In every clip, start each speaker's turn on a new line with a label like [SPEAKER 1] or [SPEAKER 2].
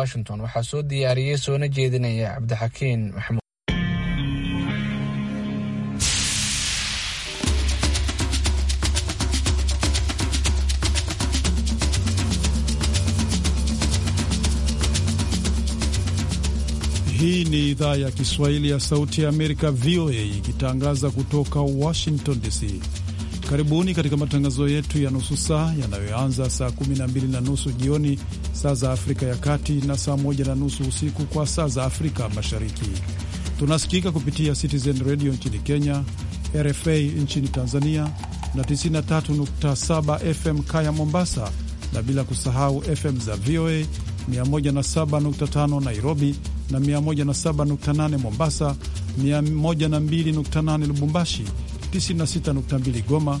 [SPEAKER 1] Washington waxaa soo diyaariyey soona jeedinaya cabdixakiin maxamuud.
[SPEAKER 2] Hii ni idhaa ya Kiswahili ya Sauti ya Amerika, VOA, ikitangaza kutoka Washington DC. Karibuni katika matangazo yetu ya nusu saa yanayoanza saa 12 na nusu jioni saa za Afrika ya Kati na saa moja na nusu usiku kwa saa za Afrika Mashariki. Tunasikika kupitia Citizen Radio nchini Kenya, RFA nchini Tanzania na 93.7 FM Kaya Mombasa, na bila kusahau FM za VOA 107.5 Nairobi na 107.8 Mombasa, 102.8 Lubumbashi, 96.2 Goma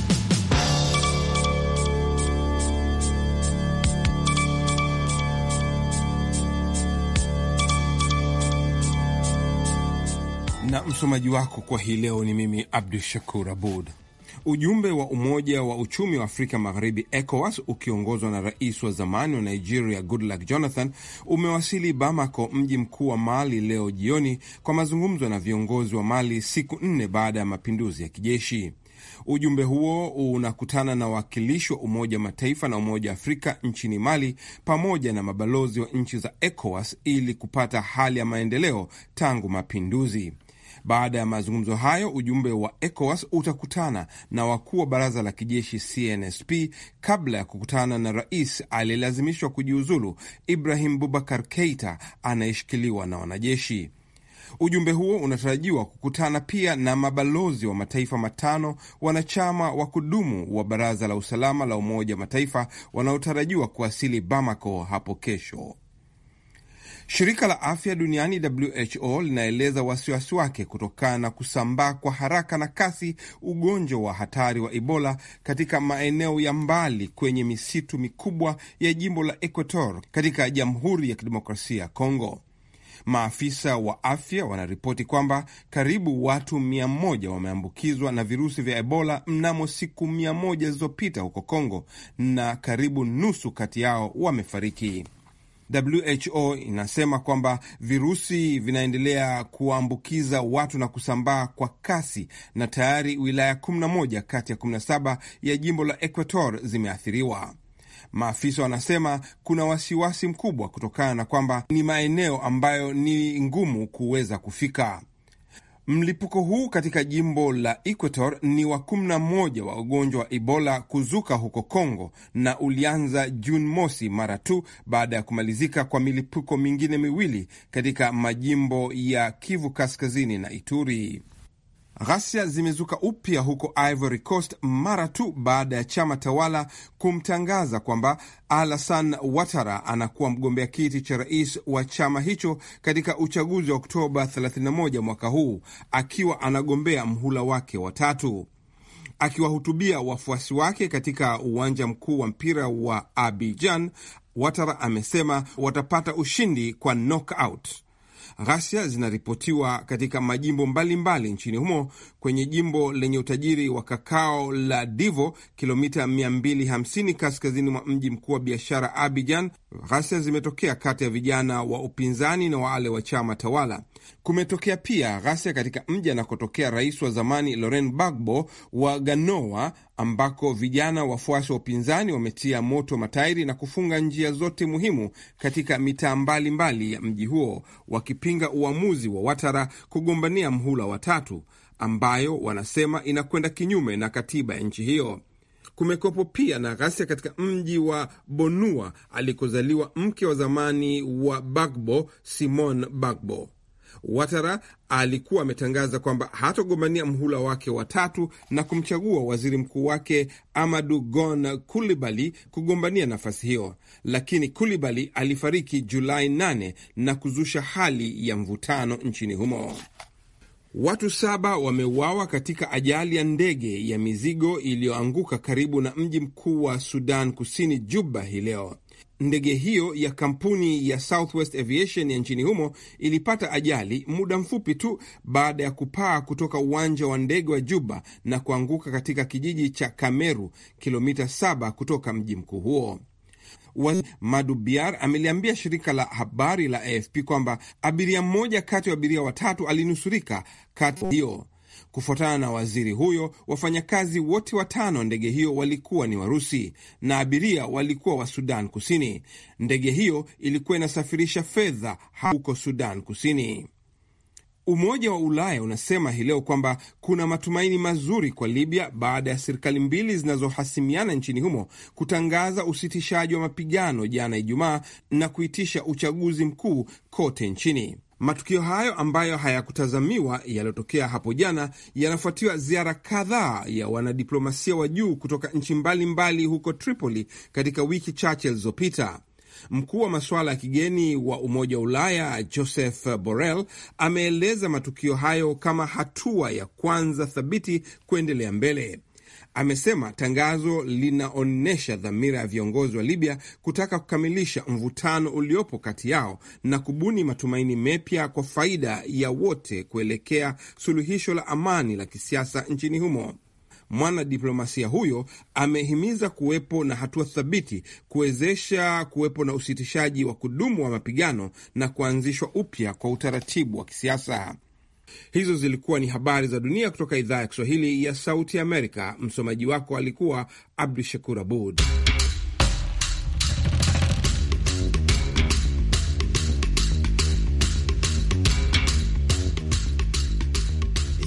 [SPEAKER 3] Msomaji wako kwa hii leo ni mimi Abdu Shakur Abud. Ujumbe wa Umoja wa Uchumi wa Afrika Magharibi, ECOWAS, ukiongozwa na rais wa zamani wa Nigeria Goodluck Jonathan, umewasili Bamako, mji mkuu wa Mali, leo jioni kwa mazungumzo na viongozi wa Mali, siku nne baada ya mapinduzi ya kijeshi. Ujumbe huo unakutana na wawakilishi wa Umoja wa Mataifa na Umoja wa Afrika nchini Mali pamoja na mabalozi wa nchi za ECOWAS ili kupata hali ya maendeleo tangu mapinduzi. Baada ya mazungumzo hayo, ujumbe wa ECOWAS utakutana na wakuu wa baraza la kijeshi CNSP kabla ya kukutana na rais aliyelazimishwa kujiuzulu Ibrahim Bubakar Keita anayeshikiliwa na wanajeshi. Ujumbe huo unatarajiwa kukutana pia na mabalozi wa mataifa matano wanachama wa kudumu wa Baraza la Usalama la Umoja wa Mataifa wanaotarajiwa kuwasili Bamako hapo kesho. Shirika la afya duniani WHO linaeleza wasiwasi wake kutokana na kusambaa kwa haraka na kasi ugonjwa wa hatari wa Ebola katika maeneo ya mbali kwenye misitu mikubwa ya jimbo la Equator katika Jamhuri ya Kidemokrasia ya Kongo. Maafisa wa afya wanaripoti kwamba karibu watu mia moja wameambukizwa na virusi vya Ebola mnamo siku mia moja zilizopita huko Kongo, na karibu nusu kati yao wamefariki. WHO inasema kwamba virusi vinaendelea kuambukiza watu na kusambaa kwa kasi, na tayari wilaya 11 kati ya 17 ya jimbo la Equator zimeathiriwa. Maafisa wanasema kuna wasiwasi mkubwa kutokana na kwamba ni maeneo ambayo ni ngumu kuweza kufika. Mlipuko huu katika jimbo la Equator ni wa 11 wa ugonjwa wa Ebola kuzuka huko congo na ulianza Juni mosi mara tu baada ya kumalizika kwa milipuko mingine miwili katika majimbo ya Kivu Kaskazini na Ituri. Ghasia zimezuka upya huko Ivory Coast mara tu baada ya chama tawala kumtangaza kwamba alasan watara anakuwa mgombea kiti cha rais wa chama hicho katika uchaguzi wa Oktoba 31 mwaka huu, akiwa anagombea mhula wake watatu. Akiwahutubia wafuasi wake katika uwanja mkuu wa mpira wa Abidjan, watara amesema watapata ushindi kwa knockout. Ghasia zinaripotiwa katika majimbo mbalimbali mbali nchini humo. Kwenye jimbo lenye utajiri wa kakao la Divo, kilomita 250 kaskazini mwa mji mkuu wa biashara Abidjan, ghasia zimetokea kati ya vijana wa upinzani na wale wa chama tawala. Kumetokea pia ghasia katika mji anakotokea rais wa zamani Laurent Gbagbo wa Ganoa, ambako vijana wafuasi wa upinzani wametia moto matairi na kufunga njia zote muhimu katika mitaa mbalimbali ya mji huo, wakipinga uamuzi wa Watara kugombania mhula watatu ambayo wanasema inakwenda kinyume na katiba ya nchi hiyo. Kumekwepo pia na ghasia katika mji wa Bonua alikozaliwa mke wa zamani wa Bagbo, Simon Bagbo. Watara alikuwa ametangaza kwamba hatogombania mhula wake watatu na kumchagua waziri mkuu wake Amadu Gon Kulibali kugombania nafasi hiyo, lakini Kulibali alifariki Julai 8 na kuzusha hali ya mvutano nchini humo. Watu saba wameuawa katika ajali ya ndege ya mizigo iliyoanguka karibu na mji mkuu wa Sudan Kusini, Juba, hii leo. Ndege hiyo ya kampuni ya Southwest Aviation ya nchini humo ilipata ajali muda mfupi tu baada ya kupaa kutoka uwanja wa ndege wa Juba na kuanguka katika kijiji cha Kameru, kilomita saba kutoka mji mkuu huo. Madubiar ameliambia shirika la habari la AFP kwamba abiria mmoja kati ya abiria watatu alinusurika kati hiyo Kufuatana na waziri huyo, wafanyakazi wote watano wa ndege hiyo walikuwa ni Warusi na abiria walikuwa wa Sudan Kusini. Ndege hiyo ilikuwa inasafirisha fedha huko Sudan Kusini. Umoja wa Ulaya unasema hii leo kwamba kuna matumaini mazuri kwa Libya baada ya serikali mbili zinazohasimiana nchini humo kutangaza usitishaji wa mapigano jana Ijumaa na kuitisha uchaguzi mkuu kote nchini. Matukio hayo ambayo hayakutazamiwa yaliyotokea hapo jana yanafuatiwa ziara kadhaa ya wanadiplomasia wa juu kutoka nchi mbalimbali huko Tripoli katika wiki chache zilizopita. Mkuu wa masuala ya kigeni wa Umoja wa Ulaya Joseph Borrell ameeleza matukio hayo kama hatua ya kwanza thabiti kuendelea mbele. Amesema tangazo linaonyesha dhamira ya viongozi wa Libya kutaka kukamilisha mvutano uliopo kati yao na kubuni matumaini mepya kwa faida ya wote kuelekea suluhisho la amani la kisiasa nchini humo. Mwanadiplomasia huyo amehimiza kuwepo na hatua thabiti kuwezesha kuwepo na usitishaji wa kudumu wa mapigano na kuanzishwa upya kwa utaratibu wa kisiasa. Hizo zilikuwa ni habari za dunia kutoka idhaa ya Kiswahili ya Sauti Amerika. Msomaji wako alikuwa Abdu Shakur Abud.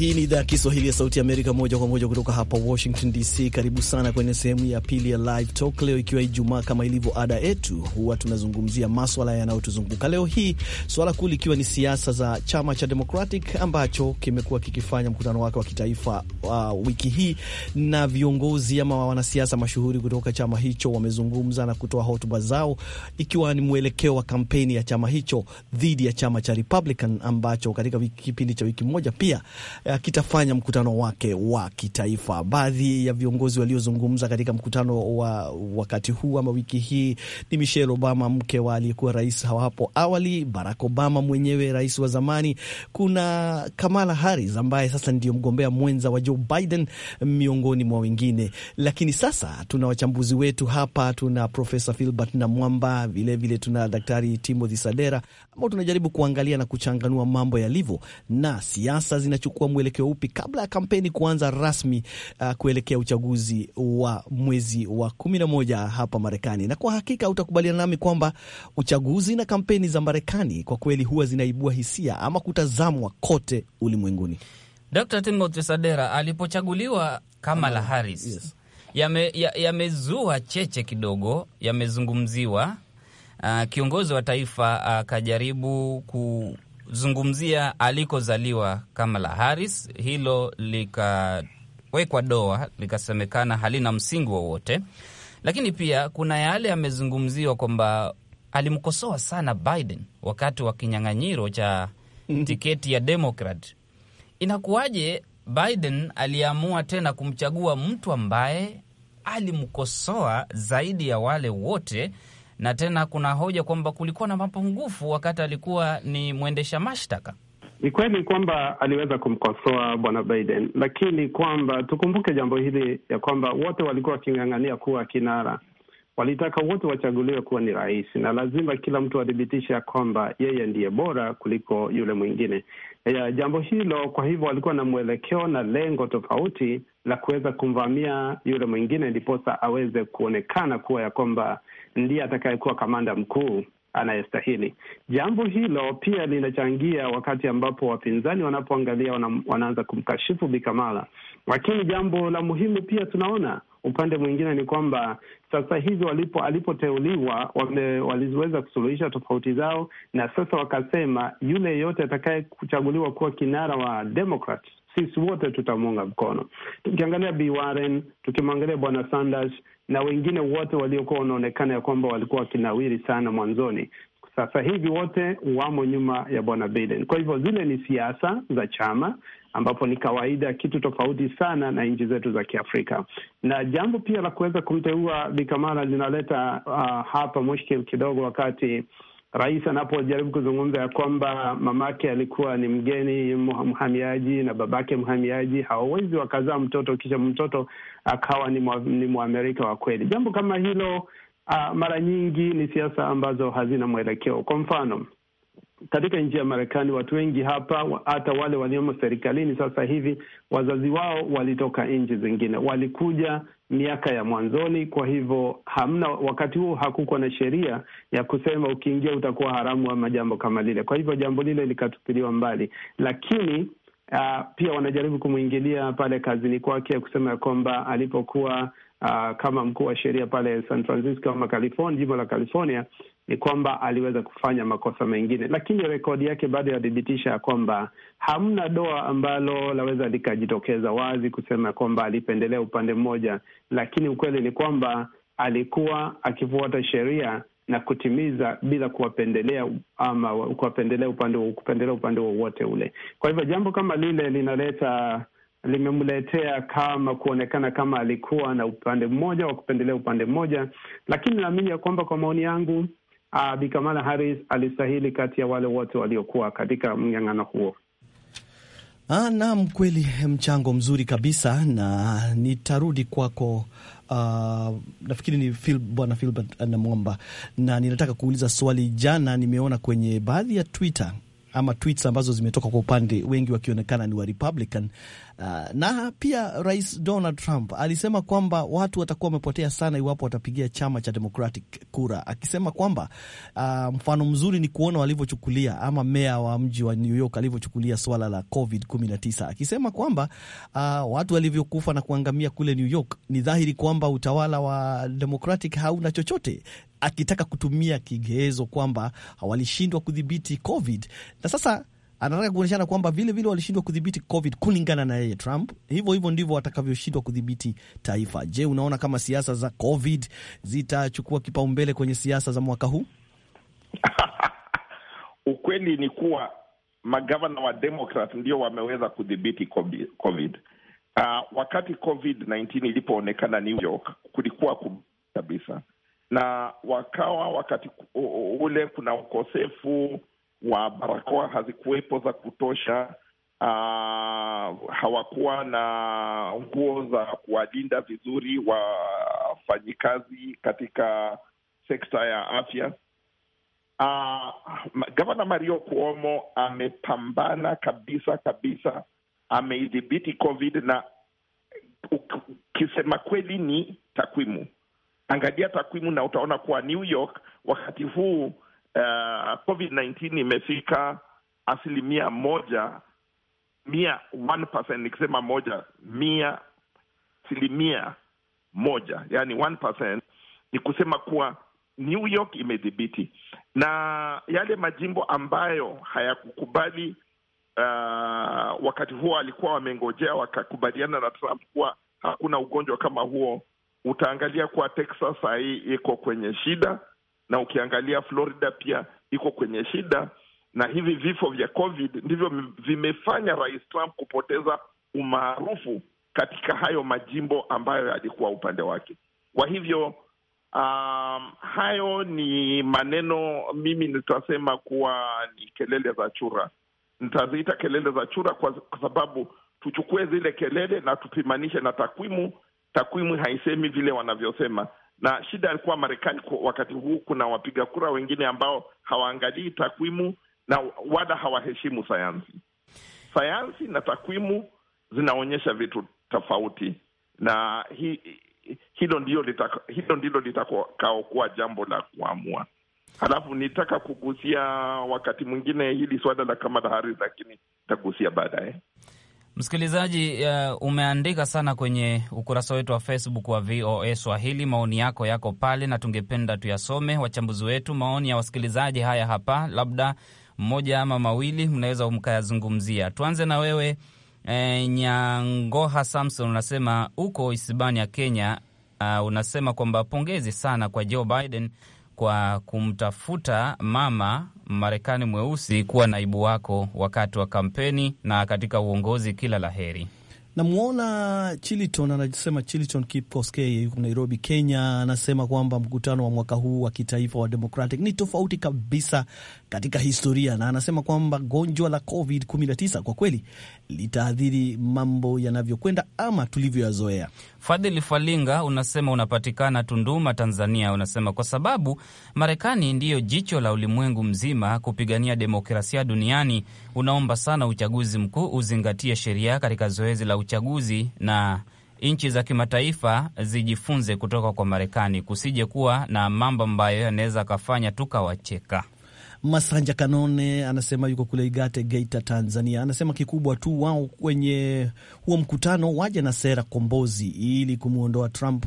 [SPEAKER 4] Hii ni idhaa ya Kiswahili ya Sauti Amerika, moja kwa moja kutoka hapa Washington DC. Karibu sana kwenye sehemu ya pili ya Live Talk leo, ikiwa Ijumaa. Kama ilivyo ada yetu, huwa tunazungumzia maswala yanayotuzunguka. Leo hii swala kuu likiwa ni siasa za chama cha Democratic ambacho kimekuwa kikifanya mkutano wake wa kitaifa uh, wiki hii, na viongozi ama wanasiasa mashuhuri kutoka chama hicho wamezungumza na kutoa hotuba zao, ikiwa ni mwelekeo wa kampeni ya chama hicho dhidi ya chama cha Republican ambacho katika kipindi cha wiki moja pia uh, Eh, kitafanya mkutano wake wa kitaifa. Baadhi ya viongozi waliozungumza katika mkutano wa wakati huu ama wiki hii ni Michelle Obama, mke wa aliyekuwa rais hapo awali, Barack Obama mwenyewe, rais wa zamani. Kuna Kamala Harris ambaye sasa ndiyo mgombea mwenza wa Joe Biden, miongoni mwa wengine. Lakini sasa tuna wachambuzi wetu hapa, tuna Profesa Filbert na Mwamba, vilevile tuna Daktari Timothy Sadera ambao tunajaribu kuangalia na kuchanganua mambo yalivyo na siasa zinachukua mwelekeo upi kabla ya kampeni kuanza rasmi uh, kuelekea uchaguzi wa mwezi wa kumi na moja hapa Marekani. Na kwa hakika utakubaliana nami kwamba uchaguzi na kampeni za Marekani kwa kweli huwa zinaibua hisia ama kutazamwa kote ulimwenguni.
[SPEAKER 5] Dr. Timothy Sadera alipochaguliwa Kamala ah, Harris, yes. Yamezua ya, ya cheche kidogo, yamezungumziwa. Uh, kiongozi wa taifa akajaribu uh, zungumzia alikozaliwa Kamala Harris, hilo likawekwa doa, likasemekana halina msingi wowote. Lakini pia kuna yale yamezungumziwa kwamba alimkosoa sana Biden wakati wa kinyang'anyiro cha mhm. tiketi ya Demokrat. Inakuwaje Biden aliamua tena kumchagua mtu ambaye alimkosoa zaidi ya wale wote na tena kuna hoja kwamba kulikuwa na mapungufu wakati alikuwa ni mwendesha mashtaka.
[SPEAKER 1] Ni kweli kwamba aliweza kumkosoa bwana Biden, lakini kwamba tukumbuke jambo hili ya kwamba wote walikuwa waking'ang'ania kuwa kinara, walitaka wote wachaguliwe kuwa ni rais, na lazima kila mtu athibitisha kwamba yeye ndiye bora kuliko yule mwingine ya jambo hilo. Kwa hivyo walikuwa na mwelekeo na lengo tofauti la kuweza kumvamia yule mwingine, ndiposa aweze kuonekana kuwa ya kwamba ndiye atakayekuwa kamanda mkuu anayestahili. Jambo hilo pia linachangia wakati ambapo wapinzani wanapoangalia wana, wanaanza kumkashifu Bikamala. Lakini jambo la muhimu pia tunaona upande mwingine ni kwamba sasa hivi walipo alipoteuliwa waliweza kusuluhisha tofauti zao, na sasa wakasema yule yeyote atakaye kuchaguliwa kuwa kinara wa Democrat sisi wote tutamuunga mkono. Tukiangalia Bi Warren, tukimwangalia Bwana Sanders na wengine wote waliokuwa wanaonekana ya kwamba walikuwa wakinawiri sana mwanzoni, sasa hivi wote wamo nyuma ya Bwana Biden. Kwa hivyo zile ni siasa za chama, ambapo ni kawaida, kitu tofauti sana na nchi zetu za Kiafrika. Na jambo pia la kuweza kumteua Bi Kamala linaleta uh, hapa mushkil kidogo wakati rais anapojaribu kuzungumza ya kwamba mamake alikuwa ni mgeni mhamiaji na babake mhamiaji, hawawezi wakazaa mtoto kisha mtoto akawa ni mwamerika wa kweli. Jambo kama hilo uh, mara nyingi ni siasa ambazo hazina mwelekeo. Kwa mfano katika nchi ya Marekani watu wengi hapa, hata wale waliomo serikalini sasa hivi, wazazi wao walitoka nchi zingine, walikuja miaka ya mwanzoni. Kwa hivyo hamna, wakati huu hakukuwa na sheria ya kusema ukiingia utakuwa haramu ama jambo kama lile. Kwa hivyo jambo lile likatupiliwa mbali, lakini Uh, pia wanajaribu kumwingilia pale kazini kwake kusema ya kwamba alipokuwa uh, kama mkuu wa sheria pale San Francisco ama California, jimbo la California, ni kwamba aliweza kufanya makosa mengine, lakini rekodi yake bado yathibitisha ya kwamba hamna doa ambalo laweza likajitokeza wazi kusema kwamba alipendelea upande mmoja, lakini ukweli ni kwamba alikuwa akifuata sheria na kutimiza bila kuwapendelea ama kuwapendelea upande kupendelea upande wowote ule. Kwa hivyo jambo kama lile linaleta limemletea kama kuonekana kama alikuwa na upande mmoja wa kupendelea upande mmoja, lakini naamini ya kwamba kwa maoni yangu uh, Bi Kamala Harris alistahili kati ya wale wote waliokuwa katika mnyang'ano huo.
[SPEAKER 4] Ah, naam, kweli mchango mzuri kabisa, na nitarudi kwako. Uh, nafikiri ni Phil, Bwana Filbert Namwamba, na ninataka kuuliza swali. Jana nimeona kwenye baadhi ya Twitter ama tweets ambazo zimetoka kwa upande wengi wakionekana ni wa Republican Ah, na pia Rais Donald Trump alisema kwamba watu watakuwa wamepotea sana iwapo watapigia chama cha Democratic kura, akisema kwamba uh, mfano mzuri ni kuona walivyochukulia ama meya wa mji wa New York alivyochukulia swala la COVID 19, akisema kwamba uh, watu walivyokufa na kuangamia kule New York, ni dhahiri kwamba utawala wa Democratic hauna chochote akitaka kutumia kigezo kwamba walishindwa kudhibiti COVID na sasa anataka kuonyeshana kwamba vile vile walishindwa kudhibiti COVID kulingana na yeye Trump, hivyo hivyo ndivyo watakavyoshindwa kudhibiti taifa. Je, unaona kama siasa za COVID zitachukua kipaumbele kwenye siasa za mwaka huu?
[SPEAKER 6] Ukweli ni kuwa magavana wa Demokrat ndio wameweza kudhibiti COVID. Uh, wakati COVID-19 ilipoonekana New York kulikuwa kabisa, na wakawa wakati ule kuna ukosefu wa barakoa hazikuwepo za kutosha. Uh, hawakuwa na nguo za kuwalinda vizuri wafanyikazi katika sekta ya afya. Uh, gavana Mario Cuomo amepambana kabisa kabisa, ameidhibiti COVID na ukisema kweli ni takwimu. Angalia takwimu na utaona kuwa New York wakati huu uh, eh, COVID-19 imefika asilimia moja mia one percent, nikisema moja mia asilimia moja yani one percent, ni kusema kuwa New York imedhibiti na yale majimbo ambayo hayakukubali uh, wakati huo walikuwa wamengojea wakakubaliana na Trump kuwa hakuna ugonjwa kama huo. Utaangalia kuwa Texas sahii iko kwenye shida na ukiangalia Florida pia iko kwenye shida, na hivi vifo vya COVID ndivyo vimefanya Rais Trump kupoteza umaarufu katika hayo majimbo ambayo yalikuwa upande wake. Kwa hivyo um, hayo ni maneno, mimi nitasema kuwa ni kelele za chura. Nitaziita kelele za chura kwa, kwa sababu tuchukue zile kelele na tupimanishe na takwimu. Takwimu haisemi vile wanavyosema na shida alikuwa Marekani wakati huu, kuna wapiga kura wengine ambao hawaangalii takwimu na wala hawaheshimu sayansi. Sayansi na takwimu zinaonyesha vitu tofauti, na hi, hilo ndilo litakaokuwa jambo la kuamua. Halafu nitaka kugusia wakati mwingine hili suala la Kamala haris lakini itagusia baadaye eh?
[SPEAKER 5] Msikilizaji uh, umeandika sana kwenye ukurasa wetu wa Facebook wa VOA Swahili. Maoni yako yako pale na tungependa tuyasome, wachambuzi wetu. Maoni ya wasikilizaji haya hapa, labda mmoja ama mawili mnaweza mkayazungumzia. Tuanze na wewe e, Nyangoha Samson, unasema uko Isibania, Kenya. Uh, unasema kwamba pongezi sana kwa Joe Biden kwa kumtafuta mama Marekani mweusi kuwa naibu wako wakati wa kampeni na katika uongozi. Kila la heri.
[SPEAKER 4] Namwona Chiliton anasema, Chiliton Kipkoskei yuko Nairobi, Kenya, anasema kwamba mkutano wa mwaka huu wa kitaifa wa Democratic ni tofauti kabisa katika historia, na anasema kwamba gonjwa la COVID 19 kwa kweli litaathiri mambo yanavyokwenda ama tulivyoyazoea.
[SPEAKER 5] Fadhili Falinga unasema unapatikana Tunduma, Tanzania. Unasema kwa sababu Marekani ndiyo jicho la ulimwengu mzima kupigania demokrasia duniani, unaomba sana uchaguzi mkuu uzingatie sheria katika zoezi la uchaguzi na nchi za kimataifa zijifunze kutoka kwa Marekani, kusije kuwa na mambo ambayo yanaweza akafanya tukawacheka.
[SPEAKER 4] Masanja Kanone anasema yuko kule Igate, Geita, Tanzania. Anasema kikubwa tu wao kwenye huo mkutano waje na sera kombozi ili kumwondoa Trump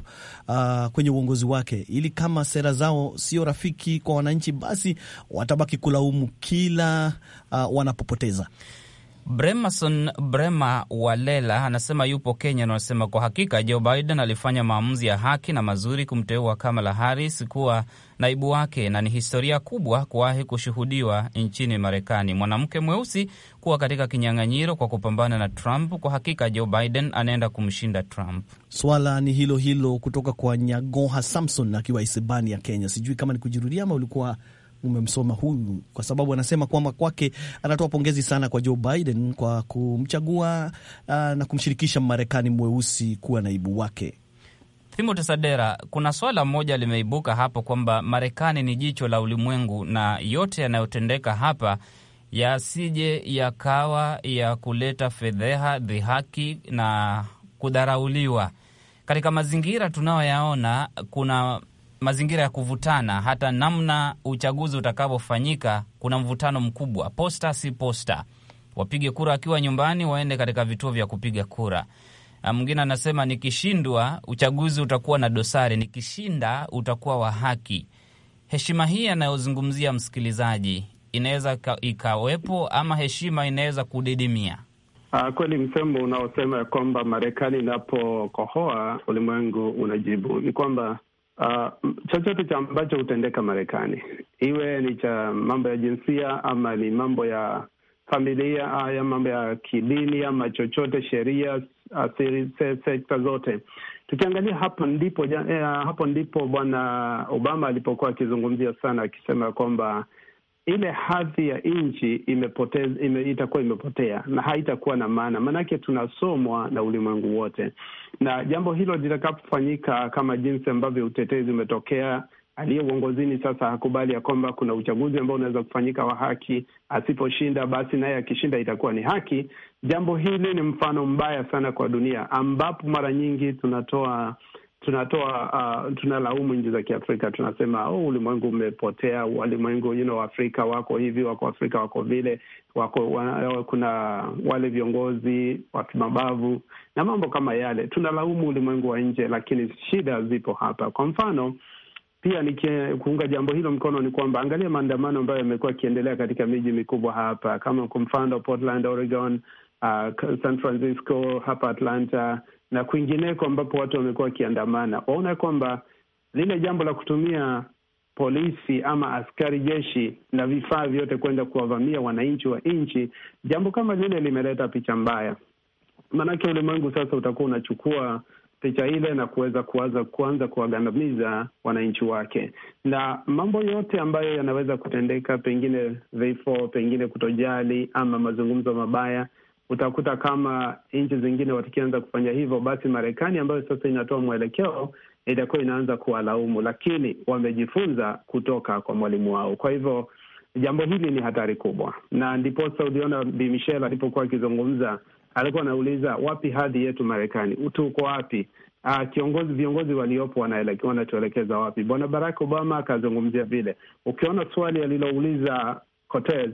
[SPEAKER 4] uh, kwenye uongozi wake, ili kama sera zao sio rafiki kwa wananchi, basi watabaki kulaumu kila uh, wanapopoteza
[SPEAKER 5] Bremason Brema Walela anasema yupo Kenya na anasema kwa hakika Joe Biden alifanya maamuzi ya haki na mazuri kumteua Kamala Harris kuwa naibu wake, na ni historia kubwa kuwahi kushuhudiwa nchini Marekani, mwanamke mweusi kuwa katika kinyang'anyiro kwa kupambana na Trump. Kwa hakika Joe Biden anaenda kumshinda Trump.
[SPEAKER 4] Swala ni hilo hilo kutoka kwa Nyagoha Samson akiwa Isebani ya Kenya. Sijui kama ni kujirudia ama ulikuwa umemsoma huyu, kwa sababu anasema kwamba kwake anatoa pongezi sana kwa Joe Biden kwa kumchagua uh, na kumshirikisha marekani mweusi kuwa naibu wake.
[SPEAKER 5] Timothy Sadera, kuna swala moja limeibuka hapo kwamba Marekani ni jicho la ulimwengu na yote yanayotendeka hapa yasije yakawa ya kuleta fedheha, dhihaki na kudharauliwa. Katika mazingira tunayoyaona, kuna mazingira ya kuvutana, hata namna uchaguzi utakavyofanyika. Kuna mvutano mkubwa, posta si posta, wapige kura wakiwa nyumbani, waende katika vituo vya kupiga kura. Mwingine anasema nikishindwa uchaguzi utakuwa na dosari, nikishinda utakuwa wa haki. Heshima hii anayozungumzia msikilizaji inaweza ikawepo ama heshima inaweza kudidimia.
[SPEAKER 1] Ah, kweli msemo unaosema ya kwamba Marekani inapokohoa ulimwengu unajibu, ni kwamba Uh, chochote ambacho hutendeka Marekani, iwe ni cha mambo ya jinsia ama ni mambo ya familia haya ah, mambo ya kidini ama chochote, sheria, sekta zote. Tukiangalia hapo ndipo, eh, hapo ndipo Bwana Obama alipokuwa akizungumzia sana, akisema kwamba ile hadhi ya nchi ime, itakuwa imepotea na haitakuwa na maana, maanake tunasomwa na ulimwengu wote, na jambo hilo litakapofanyika kama jinsi ambavyo utetezi umetokea aliye uongozini sasa hakubali ya kwamba kuna uchaguzi ambao unaweza kufanyika wa haki, asiposhinda basi naye akishinda itakuwa ni haki. Jambo hili ni mfano mbaya sana kwa dunia, ambapo mara nyingi tunatoa tunatoa uh, tunalaumu nchi za Kiafrika, tunasema oh, ulimwengu umepotea, walimwengu you know, Afrika wako hivi, wako Afrika wako vile, wako wa, kuna wale viongozi wa kimabavu na mambo kama yale. Tunalaumu ulimwengu wa nje, lakini shida zipo hapa. Kwa mfano pia nikiunga jambo hilo mkono ni kwamba angalia maandamano ambayo yamekuwa yakiendelea katika miji mikubwa hapa, kama kwa mfano Portland, Oregon, uh, San Francisco, hapa Atlanta na kwingineko ambapo watu wamekuwa wakiandamana, waona kwamba lile jambo la kutumia polisi ama askari jeshi na vifaa vyote kwenda kuwavamia wananchi wa nchi, jambo kama lile limeleta picha mbaya. Maanake ulimwengu sasa utakuwa unachukua picha ile na kuweza kuanza kuanza kuwagandamiza wananchi wake, na mambo yote ambayo yanaweza kutendeka, pengine vifo, pengine kutojali ama mazungumzo mabaya, utakuta kama nchi zingine wakianza kufanya hivyo, basi Marekani ambayo sasa inatoa mwelekeo itakuwa inaanza kuwalaumu, lakini wamejifunza kutoka kwa mwalimu wao. Kwa hivyo jambo hili ni hatari kubwa, na ndiposa uliona Bi Michel alipokuwa akizungumza alikuwa anauliza wapi hadhi yetu Marekani, tuko wapi? Uh, kiongozi viongozi waliopo wanatuelekeza wapi? Bwana Barack Obama akazungumzia vile. Ukiona swali alilouliza Cortez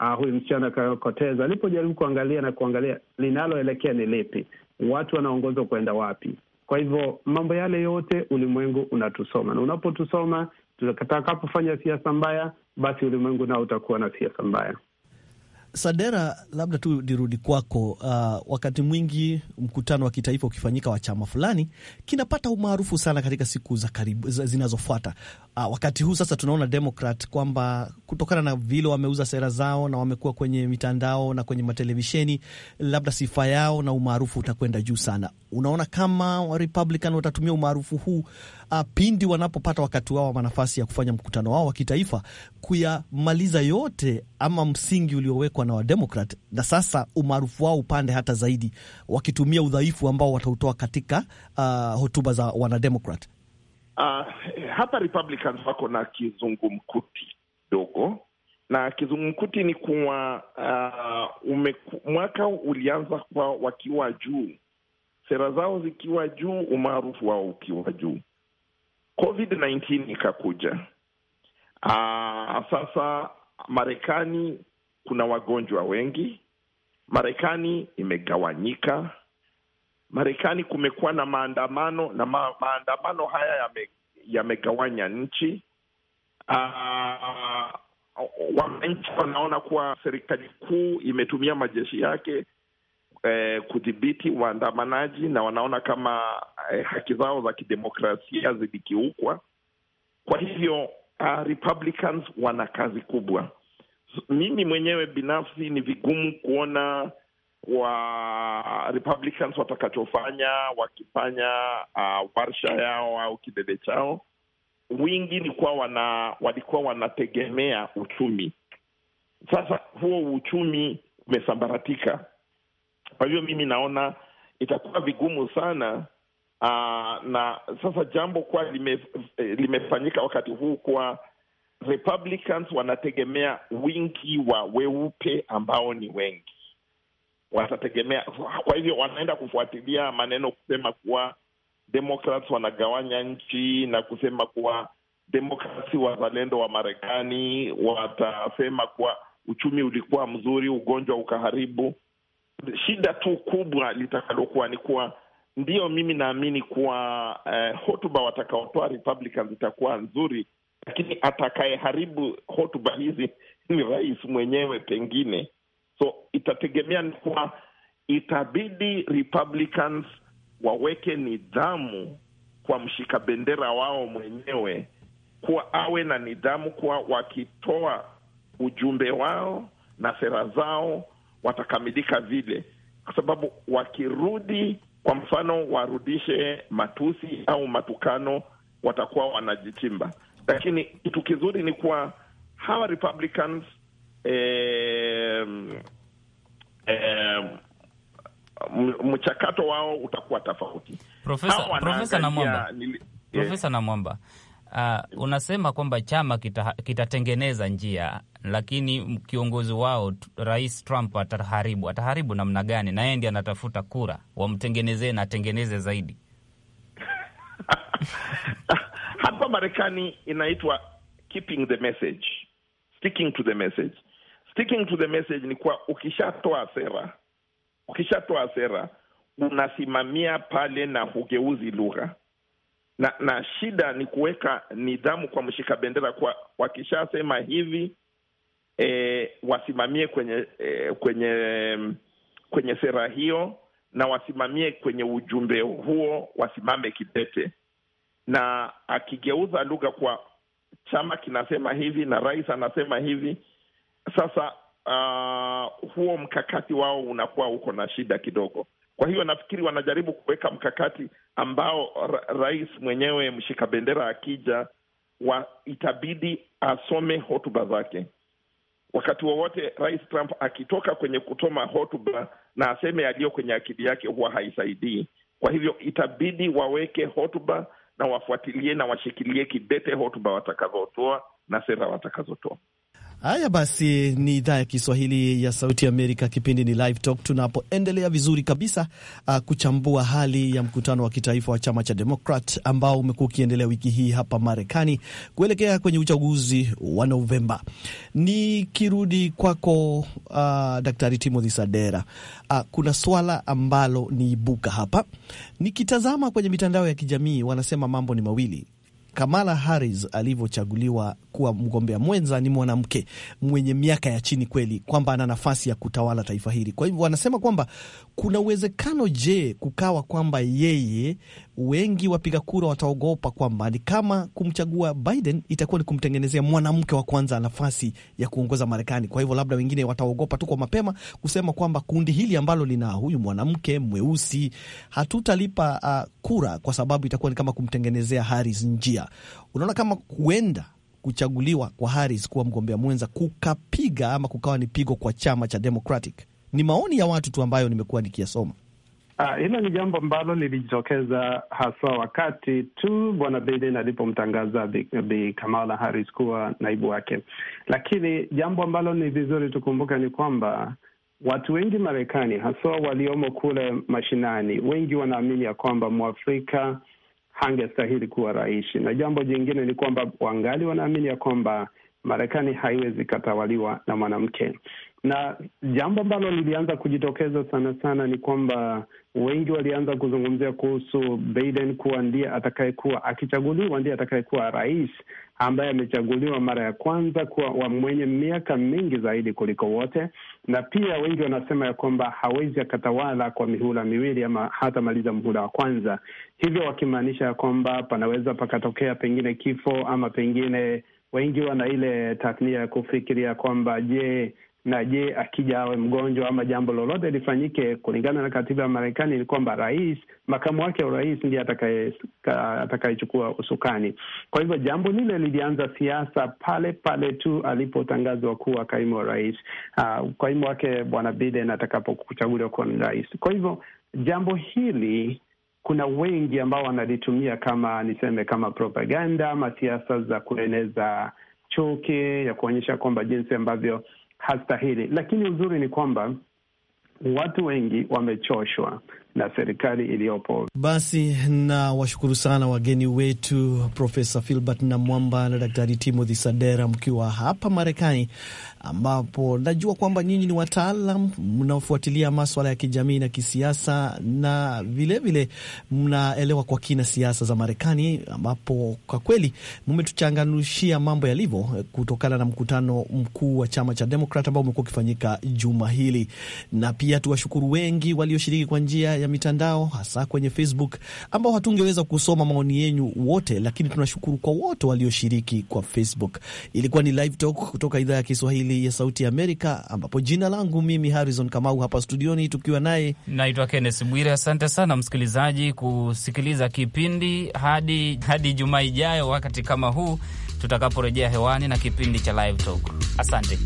[SPEAKER 1] uh, huyu msichana akakoteza alipojaribu kuangalia na kuangalia linaloelekea ni lipi, watu wanaongozwa kwenda wapi. Kwa hivyo mambo yale yote ulimwengu unatusoma, na unapotusoma, tutakapofanya siasa mbaya, basi ulimwengu nao utakuwa na siasa mbaya.
[SPEAKER 4] Sadera, labda tu nirudi kwako. Uh, wakati mwingi mkutano wa kitaifa ukifanyika wa chama fulani kinapata umaarufu sana katika siku za karibu zinazofuata. Uh, wakati huu sasa tunaona Demokrat kwamba kutokana na vile wameuza sera zao na wamekuwa kwenye mitandao na kwenye matelevisheni, labda sifa yao na umaarufu utakwenda juu sana. Unaona kama Republican watatumia umaarufu huu uh, pindi wanapopata wakati wao wa nafasi ya kufanya mkutano wao wa kitaifa kuyamaliza yote ama msingi uliowekwa na Wademokrat, na sasa umaarufu wao upande hata zaidi, wakitumia udhaifu ambao watautoa katika uh, hotuba za Wanademokrat.
[SPEAKER 6] Uh, ah, hapa Republicans wako na kizungumkuti dogo na kizungumkuti ni kuwa uh, umeku, mwaka ulianza kwa wakiwa juu, sera zao zikiwa juu, umaarufu wao ukiwa juu. COVID-19 ikakuja. Uh, sasa Marekani kuna wagonjwa wengi. Marekani imegawanyika. Marekani kumekuwa na maandamano na ma, maandamano haya yamegawanya nchi. Uh, wananchi wanaona kuwa serikali kuu imetumia majeshi yake eh, kudhibiti waandamanaji na wanaona kama eh, haki zao za kidemokrasia zilikiukwa. Kwa hivyo uh, Republicans wana kazi kubwa mimi mwenyewe binafsi ni vigumu kuona wa Republicans watakachofanya wakifanya uh, warsha yao au kidede chao. Wingi ni kuwa wana, walikuwa wanategemea uchumi. Sasa huo uchumi umesambaratika, kwa hivyo mimi naona itakuwa vigumu sana uh, na sasa jambo kuwa lime, eh, limefanyika wakati huu kuwa Republicans wanategemea wingi wa weupe ambao ni wengi, watategemea. Kwa hivyo wanaenda kufuatilia maneno kusema kuwa Democrats wanagawanya nchi na kusema kuwa demokrasi wazalendo wa Marekani watasema kuwa uchumi ulikuwa mzuri, ugonjwa ukaharibu. Shida tu kubwa litakalokuwa ni kuwa ndiyo, mimi naamini kuwa eh, hotuba watakaotoa Republicans itakuwa nzuri, lakini atakayeharibu hotuba hizi ni rais mwenyewe pengine. So itategemea ni kuwa itabidi Republicans waweke nidhamu kwa mshika bendera wao mwenyewe, kuwa awe na nidhamu kuwa wakitoa ujumbe wao na sera zao watakamilika vile, kwa sababu wakirudi, kwa mfano, warudishe matusi au matukano, watakuwa wanajichimba. Lakini kitu kizuri ni kuwa hawa Republicans eh, eh, mchakato wao utakuwa tofauti.
[SPEAKER 5] Profesa Namwamba, Profesa Namwamba, uh, unasema kwamba chama kitatengeneza kita njia, lakini kiongozi wao Rais Trump ataharibu. Ataharibu namna gani? Na yeye ndiye anatafuta kura, wamtengenezee na atengeneze zaidi
[SPEAKER 6] Hapa Marekani inaitwa keeping the message, sticking to the message. Sticking to the message ni kuwa ukishatoa sera, ukishatoa sera unasimamia pale na hugeuzi lugha na na shida ni kuweka nidhamu kwa mshika bendera kwa wakishasema hivi e, wasimamie kwenye e, kwenye kwenye sera hiyo na wasimamie kwenye ujumbe huo, wasimame kidete na akigeuza lugha kwa chama kinasema hivi na rais anasema hivi. Sasa uh, huo mkakati wao unakuwa uko na shida kidogo. Kwa hiyo nafikiri wanajaribu kuweka mkakati ambao ra rais mwenyewe mshika bendera akija wa itabidi asome hotuba zake wakati wowote. Rais Trump akitoka kwenye kusoma hotuba na aseme aliyo kwenye akili yake huwa haisaidii. Kwa hivyo itabidi waweke hotuba na wafuatilie na washikilie kidete hotuba watakazotoa na sera watakazotoa.
[SPEAKER 4] Haya basi, ni idhaa ya Kiswahili ya Sauti Amerika. Kipindi ni Live Talk, tunapoendelea vizuri kabisa uh, kuchambua hali ya mkutano wa kitaifa wa chama cha Demokrat ambao umekuwa ukiendelea wiki hii hapa Marekani kuelekea kwenye uchaguzi wa Novemba. Nikirudi kwako, uh, Daktari Timothy Sadera, uh, kuna swala ambalo niibuka hapa nikitazama kwenye mitandao ya kijamii, wanasema mambo ni mawili. Kamala Harris alivyochaguliwa kuwa mgombea mwenza ni mwanamke mwenye miaka ya chini kweli, kwamba ana nafasi ya kutawala taifa hili. Kwa hivyo wanasema kwamba kuna uwezekano, je, kukawa kwamba yeye wengi wapiga kura wataogopa kwamba ni kama kumchagua Biden itakuwa ni kumtengenezea mwanamke wa kwanza nafasi ya kuongoza Marekani. Kwa hivyo labda wengine wataogopa tu kwa mapema kusema kwamba kundi hili ambalo lina huyu mwanamke mweusi hatutalipa uh, kura kwa sababu itakuwa ni kama kumtengenezea Harris njia. Unaona kama huenda kuchaguliwa kwa Harris kuwa mgombea mwenza kukapiga ama kukawa ni pigo kwa chama cha Democratic. Ni maoni ya watu tu ambayo nimekuwa nikiyasoma. Ah,
[SPEAKER 1] hilo ni jambo ambalo lilijitokeza haswa wakati tu bwana Biden alipomtangaza Bi Kamala Harris kuwa naibu wake, lakini jambo ambalo ni vizuri tukumbuke ni kwamba watu wengi Marekani, haswa waliomo kule mashinani, wengi wanaamini ya kwamba mwafrika hangestahili kuwa rais, na jambo jingine ni kwamba wangali wanaamini ya kwamba Marekani haiwezi ikatawaliwa na mwanamke. Na jambo ambalo lilianza kujitokeza sana sana ni kwamba wengi walianza kuzungumzia kuhusu Biden kuwa ndiye atakayekuwa akichaguliwa, ndiye atakayekuwa rais ambaye amechaguliwa mara ya kwanza kuwa wa mwenye miaka mingi zaidi kuliko wote, na pia wengi wanasema ya kwamba hawezi akatawala kwa mihula miwili ama hata maliza mhula wa kwanza, hivyo wakimaanisha ya kwamba panaweza pakatokea pengine kifo ama pengine wengi wana ile tathnia ya kufikiria kwamba je, na je akija awe mgonjwa ama jambo lolote lifanyike, kulingana na katiba ya Marekani ni kwamba rais, makamu wake wa rais ndiye atakayechukua usukani. Kwa hivyo jambo lile lilianza siasa pale pale tu alipotangazwa kuwa kaimu wa rais, uh, ah, kaimu wake bwana Biden atakapochaguliwa kuwa rais. Kwa hivyo jambo hili kuna wengi ambao wanalitumia kama niseme, kama propaganda ama siasa za kueneza chuki ya kuonyesha kwamba jinsi ambavyo hastahili. Lakini uzuri ni kwamba watu wengi wamechoshwa na serikali iliyopo.
[SPEAKER 4] Basi na washukuru sana wageni wetu Profesa Filbert Namwamba na Daktari Timothy Sadera mkiwa hapa Marekani, ambapo najua kwamba nyinyi ni wataalam mnaofuatilia maswala ya kijamii na kisiasa na vilevile mnaelewa kwa kina siasa za Marekani, ambapo kwa kweli mmetuchanganushia mambo yalivyo kutokana na mkutano mkuu wa chama cha Demokrat ambao umekuwa ukifanyika juma hili, na pia tuwashukuru wengi walioshiriki kwa njia ya mitandao, hasa kwenye Facebook, ambao hatungeweza kusoma maoni yenyu wote, lakini tunashukuru kwa wote walioshiriki kwa Facebook. Ilikuwa ni live talk kutoka idhaa ya Kiswahili ya Sauti ya Amerika, ambapo jina langu mimi Harrison Kamau hapa studioni tukiwa naye
[SPEAKER 5] naitwa Kenneth Bwire. Asante sana msikilizaji kusikiliza kipindi hadi, hadi Jumaa ijayo wakati kama huu tutakaporejea hewani na kipindi cha live talk. Asante.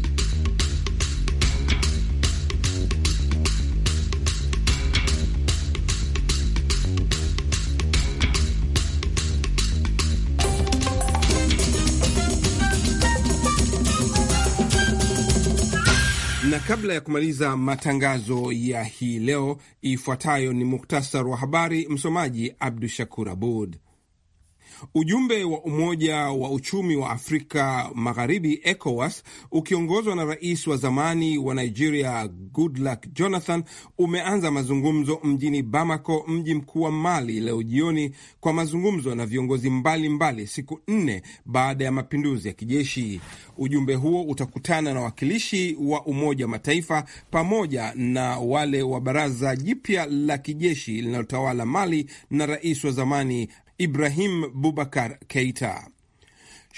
[SPEAKER 3] Na kabla ya kumaliza matangazo ya hii leo, ifuatayo ni muktasar wa habari. Msomaji Abdu Shakur Abud. Ujumbe wa Umoja wa Uchumi wa Afrika Magharibi, ECOWAS, ukiongozwa na rais wa zamani wa Nigeria Goodluck Jonathan, umeanza mazungumzo mjini Bamako, mji mkuu wa Mali, leo jioni kwa mazungumzo na viongozi mbalimbali mbali, siku nne baada ya mapinduzi ya kijeshi. Ujumbe huo utakutana na wakilishi wa Umoja wa Mataifa pamoja na wale wa baraza jipya la kijeshi linalotawala Mali na rais wa zamani Ibrahim Bubakar Keita.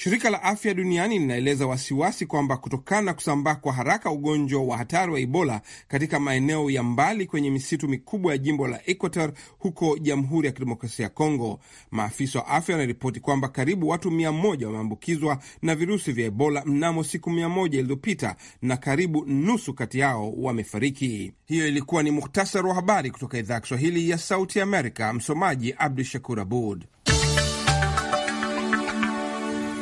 [SPEAKER 3] Shirika la Afya Duniani linaeleza wasiwasi kwamba kutokana na kusambaa kwa haraka ugonjwa wa hatari wa Ebola katika maeneo ya mbali kwenye misitu mikubwa ya jimbo la Equator huko Jamhuri ya Kidemokrasia ya Kongo, maafisa wa afya wanaripoti kwamba karibu watu mia moja wameambukizwa na virusi vya Ebola mnamo siku mia moja iliyopita na karibu nusu kati yao wamefariki. Hiyo ilikuwa ni muhtasari wa habari kutoka idhaa ya Kiswahili ya Sauti Amerika. Msomaji Abdu Shakur Abud.